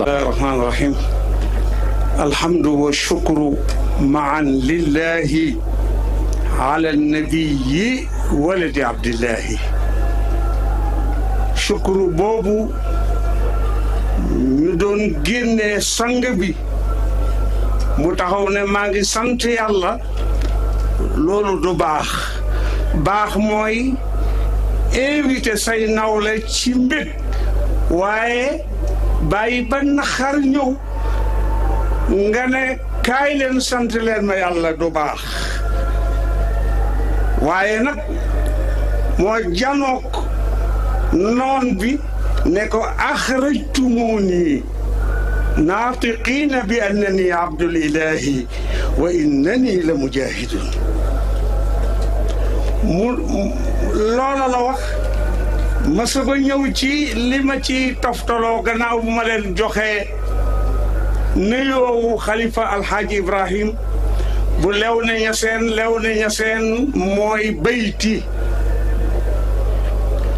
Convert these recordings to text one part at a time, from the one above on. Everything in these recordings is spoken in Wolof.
الله بسم الله الرحمن الرحيم الحمد والشكر معا لله على النبي ولد عبد الله شكر بابو مدون جن سانغبي متاهون ماغي سانت الله لولو دو باخ باخ موي ايفيت ساي ناولا تشيمبيت واي bàyyi ba naxar ñëw nga ne kaay leen leen ma yàlla du baax waaye nag moo janook noon bi ne ko axrajtumuuni naatiqiina bi annani abdul ilaahi wa innani la mujaahidun mu loola wax mësuma ñëw ci li ma ci toftolo gannaaw bu ma joxe joxee nuyoowu xalifa alxaaji ibrahim bu lew ne ña seen lew ne ña seen mooy bayti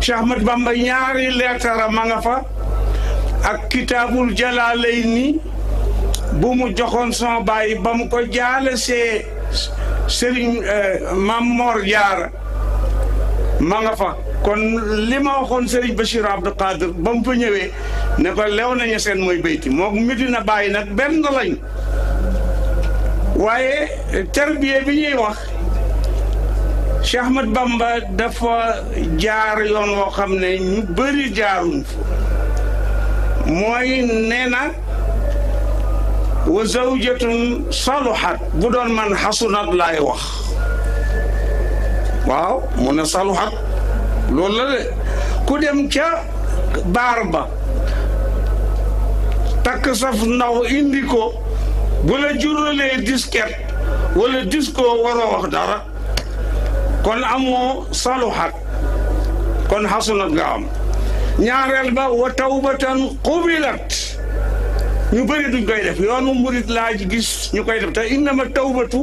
Cheikh Ahmad Bamba ñaari leetara ma nga fa ak kitaabul jalaalayni bu mu joxoon sama bàyyi ba mu ko jaale see Serigne euh, Mam Mor Jaara ma nga fa kon li ma waxoon Serigne Bachir Abdou Khadir ba fa ñëwee ne ko lew na seen mooy bayti moom Medina Baye nag benn lañ waaye tarbiya bi ñuy wax Cheikh Ahmad Bamba dafa jaar yoon woo xam ne ñu bëri jaaruñ mooy nee na wa zawjatun saluhat bu doon man xasunat laay wax waaw mu ne saluxat loolu la de ku dem ca baar ba takk saf ndaw indi ko bu la juralee disquette wala disco waroo wax dara kon amoo saluxat kon xasunat nga am ñaareel ba wa tawbatan qubilat ñu bëri duñ koy def yoonu murit laa ci gis ñu koy def te innama tawbatu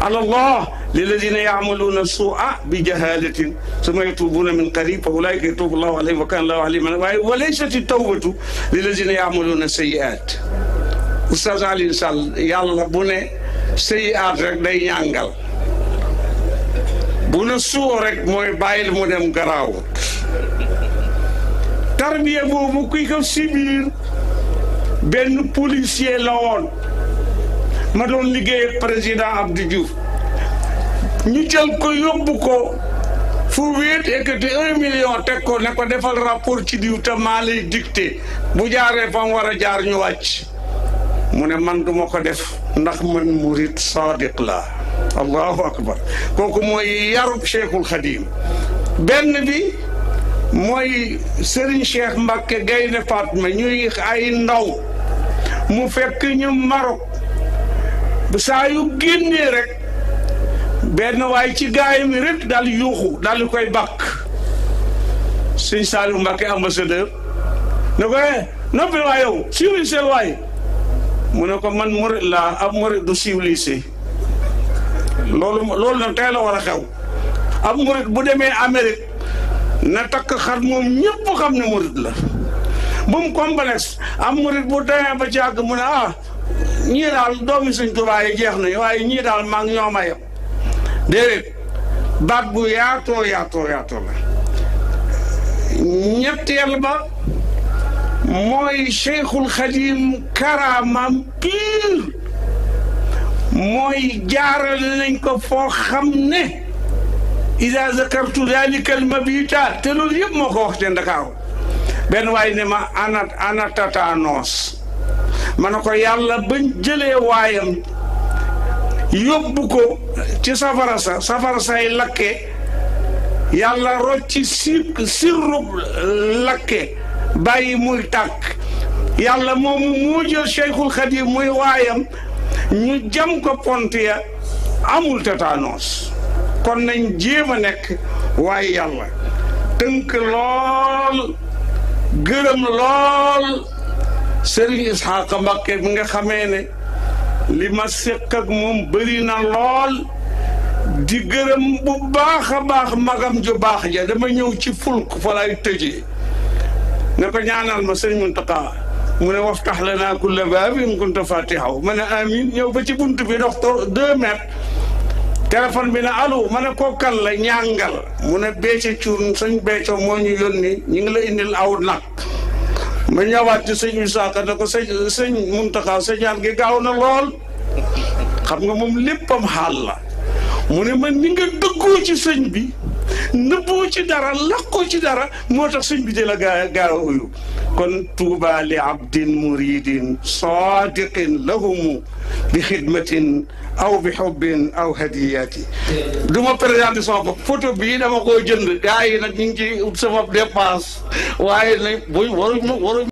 ala allah lilladina yaamaluuna suua bi jahalatin suma yatubuuna min qarib fa ulaika yatubu allahu alayhim wa kana allahu aliman waaye walaysat tawbatu lilladina yaamaluuna sayiat oustaz Alioune Sall yàlla bu ne sayiat rek day ñàngal bu ne suo rek mooy bàyyil mu dem garaawut tarbiya boobu kuy ko si biir benn policier la woon ma doon liggéey ak président Abdou Diouf ñu jël ko yóbbu ko fu wéet ekkati un million teg ko ne ko defal rapport ci diw te maa lay bu jaaree fa mu war a jaar ñu wàcc mu ne man duma ko def ndax man murid sadiq la allahu akbar kooku mooy yarub cheikhul xadim benn bi mooy Serigne Cheikh Mbacke Gaynde Fatma ñuy ay ndaw mu fekk ñu Maroc saa yu génnee rek benn waay ci gaay mi rek daal yuuxu daal di koy bàkk sëñ Saliou Mbacké ambassadeur ne ko eh noppi waay yow civilisé mu ne ko man murit laa ab murit du civilisé loolu loolu nag tey la war a xew ab murit bu demee Amérique na takk xar moom ñëpp xam ne murit la bu mu complexe am murit bu demee ba ci àgg mu ne ah ñii daal doomi suñ Tuubaa jeex nañu waaye ñii daal maa ngi ñoom a yem déedéet baat bu yaatoo yaatoo yaatoo la ñetteel ba mooy Cheikhul Xadim karaamam pire mooy jaarale nañ ko foo xam ne ida zakartu dalika al mabita te loolu yëpp moo ko benn waay ne ma ana ana tatanoos ko yàlla bañ jële waayam yóbbu ko ci safara sa safara say lakke yàlla rocci sirrub lakke bàyyi muy tàkk yàlla moomu moo jël Cheikhul Khadim muy waayam ñu jam ko pont ya amul tatanoos kon nañ jéem a nekk waaye yàlla tënk lool gërëm lool Serigne Isxaaqa Mbakke bi nga xamee ne li ma séq ak moom bëri na lool di gërëm bu baax baax magam ju baax ja dama ñëw ci fulk fa lay tëjee ne ko ñaanal ma sëñ Muntaqa mu ne waftax lanaa kulla baabin kunta faatihaw ma ne amin ñëw ba ci bunt bi dox deux mètres téléphone bi na allo ma ne ko kan la ñàngal mu ne Béthio Thioune sëñ Béthio moo ñu yónni ñu ngi la indil aw nag ma ñëwaat ci sëñ Isaaka ne ko sëñ sëñ Muntaxa sa ñaan gi gaaw na lool xam nga moom léppam xaal la mu ne ma ni nga dëggoo ci sëñ bi nëbboo ci dara lakkoo ci dara moo tax sëñ bi di la gaa gaaw uyu kon tuuba li abdin muridin sadiqin lahumu bi xidmatin aw bi xobbin aw hadiyaati du ma présenté sama bopp photo bii dama koo jënd gars yi nag ñu ngi ci ut sama dépense waaye nag buñ waruñ ma waruñ